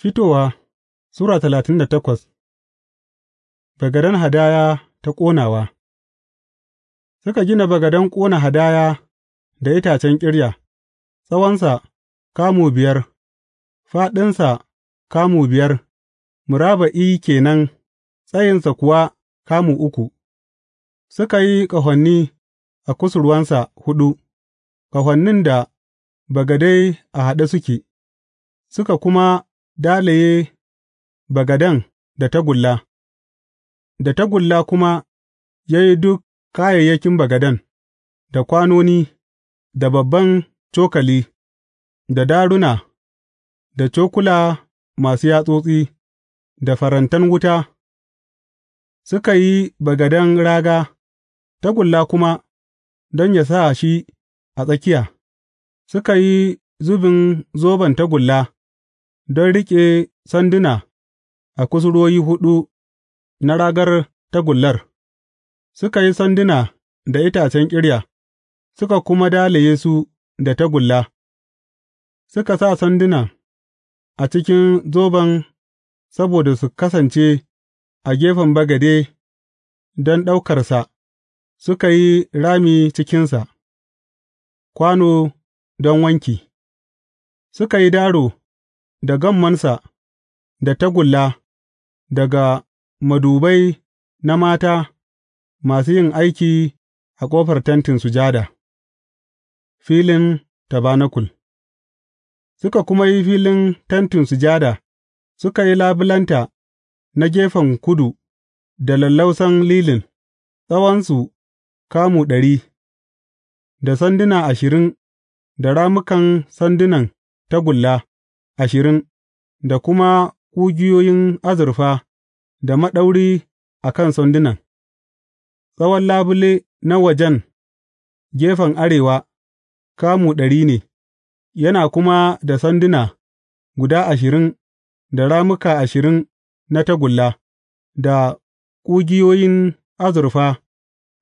Fitowa Sura talatin da takwas bagadan hadaya ta ƙonawa Suka gina bagadan ƙona hadaya da itacen ƙirya, tsawonsa kamu biyar, faɗinsa kamu biyar, muraba'i kenan, tsayinsa kuwa kamu uku, suka yi ƙahoni a kusurwansa huɗu, ƙahonin da bagadai a haɗe suke, suka kuma dalaye bagaden da tagulla, da tagulla kuma ya yi duk kayayyakin bagaden, da kwanoni, da babban cokali, da daruna, da cokula masu yatsotsi, da farantan wuta, suka yi bagaden raga, tagulla kuma don ya sa shi a tsakiya, suka yi zubin zoben tagulla. don riƙe sanduna a kusurwoyi huɗu na ragar tagullar, suka yi sanduna da itacen ƙirya, suka kuma dalaye su da tagulla, suka sa sanduna a cikin zoban saboda su kasance a gefen bagade don ɗaukarsa, suka yi rami cikinsa, kwano don wanki, suka yi daro. da gammansa da tagulla, daga madubai na mata masu yin aiki a ƙofar Tentin Sujada, filin tabanakul Suka kuma yi filin Tentin Sujada, suka yi labulanta na gefen kudu da lallausan lilin, tsawonsu kamu ɗari, da sanduna ashirin da ramukan sandunan tagulla. ashirin, da kuma ƙugiyoyin azurfa da maɗauri a kan sandunan, tsawon labule na wajen gefen arewa kamu ɗari ne, yana kuma da sanduna guda ashirin da ramuka ashirin na tagulla, da ƙugiyoyin azurfa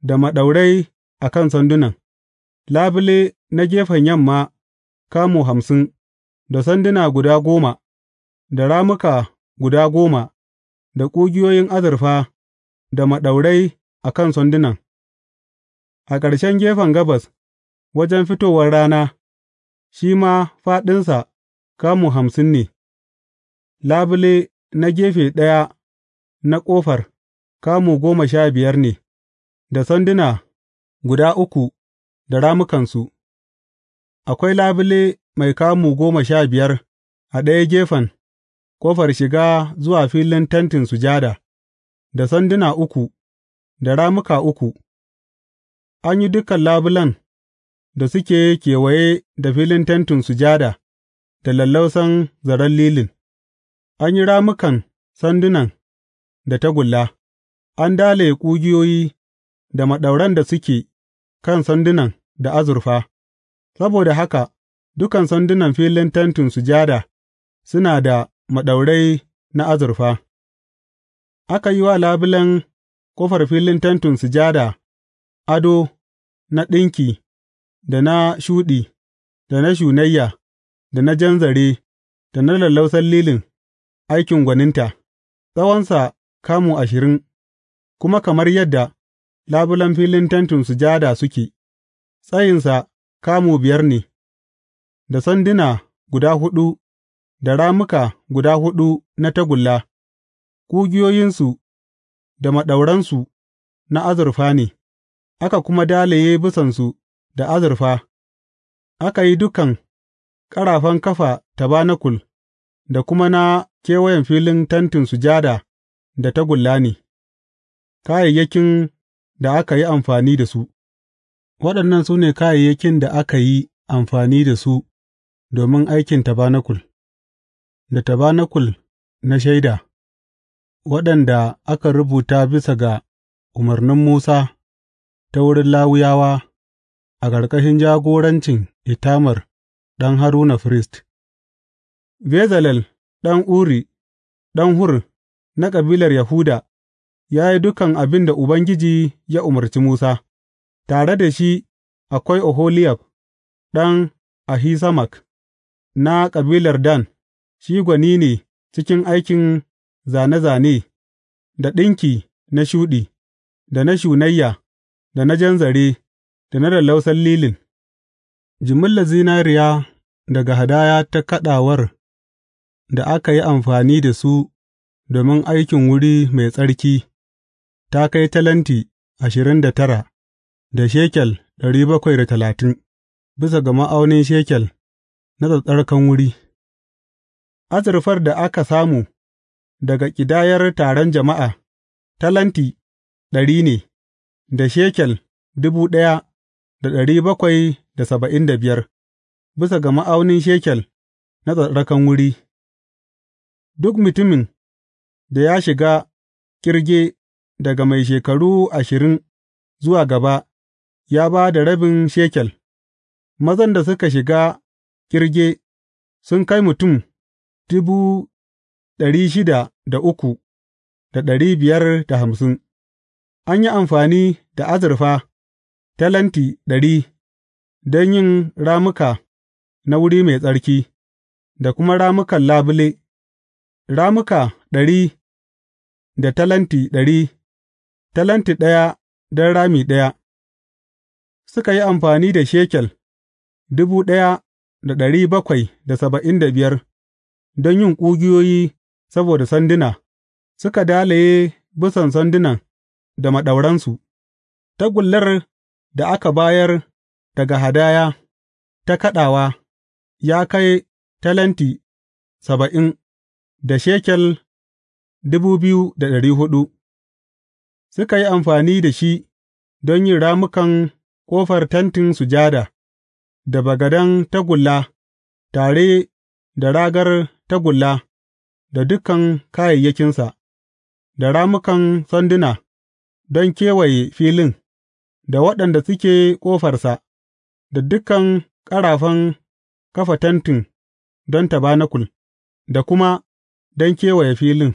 da maɗaurai a kan sandunan, labule na gefen yamma kamu hamsin. da sanduna guda goma, da ramuka guda goma, da ƙugiyoyin azurfa da maɗaurai a kan sandunan, a ƙarshen gefen gabas, wajen fitowar rana, shi ma fāɗinsa kamu hamsin ne, labule na gefe ɗaya na ƙofar kamu goma sha biyar ne, da sanduna guda uku da rammukansu, akwai labule mai kamu goma sha biyar a ɗaya gefen ƙofar shiga zuwa filin Tentin Sujada, da sanduna uku, da ramuka uku, an yi dukan labulan da suke kewaye da filin Tentin Sujada da lallausan zaren lilin, an yi ramukan. sandunan da tagulla, an dalaye ƙugiyoyi da maɗauran da suke kan sandunan da azurfa, saboda haka Dukan sandunan filin Tentin Sujada suna da maɗaurai na azurfa, aka yi wa labulen ƙofar filin Tentin Sujada ado na ɗinki, da na shuɗi, da na shunayya, da na jan zare, da na lallausan lilin, aikin gwaninta, tsawonsa kamu ashirin, kuma kamar yadda labulen filin Tentin Sujada suke, tsayinsa kamu biyar ne. da sanduna guda huɗu da ramuka guda huɗu na tagulla, ƙugiyoyinsu da maɗauransu na azurfa ne, aka kuma dalaye bisansu da azurfa, aka yi dukan ƙarafan kafa tabanakul da kuma na kewayen filin Tentin Sujada da tagulla ne, kayayyakin da aka yi amfani da su Waɗannan su ne kayayyakin da aka yi amfani da su domin aikin tabanakul, da tabanakul na Shaida, waɗanda aka rubuta bisa ga umarnin Musa ta wurin lawuyawa a ƙarƙashin jagorancin Itamar ɗan Haruna firist, Bezalel ɗan Uri, ɗan Hur na kabilar Yahuda, ya yi dukan abin da Ubangiji ya umarci Musa, tare da shi akwai Oholiyab ɗan Ahisamak. na kabilar Dan, shi gwani ne cikin aikin zane-zane, da ɗinki na shuɗi, da na shunayya, da na jan zare, da na lallausan lilin. Jimillar zinariya daga hadaya ta kaɗawar da aka yi amfani da su domin aikin wuri mai tsarki ta kai talenti ashirin da tara da shekel ɗari bakwai da talatin, bisa ga ma'aunin shekel na tsattsarkan wuri Azurfar da aka samu daga ƙidayar taron jama'a, talenti ɗari ne, da shekel dubu ɗaya da ɗari bakwai da saba'in da biyar, bisa ga ma'aunin shekel na tsattsarkan wuri, duk mutumin da ya shiga ƙirge daga mai shekaru ashirin zuwa gaba, ya ba da rabin shekel, mazan da suka shiga ƙirge sun kai mutum dubu ɗari shida da uku da ɗari biyar da hamsin, an yi amfani da azurfa talenti ɗari don yin ramuka na wuri mai tsarki, da kuma ramukan labule, ramuka ɗari da talenti ɗari, talenti ɗaya don rami ɗaya, suka yi amfani da shekel dubu ɗaya da da da ɗari bakwai saba'in biyar don yin ƙugiyoyi saboda sanduna, suka dalaye bisan sandunan da maɗauransu, tagullar da aka bayar daga hadaya ta kaɗawa ya kai talenti saba'in da shekel dubu biyu da ɗari huɗu, suka yi amfani da shi don yin ramukan ƙofar Tentin Sujada. da bagaden tagulla tare da ragar tagulla da dukan kayayyakinsa, da ramukan sanduna don kewaye filin, da waɗanda suke ƙofarsa, da dukan ƙarafan kafa tentin don tabanakul, da kuma don kewaye filin.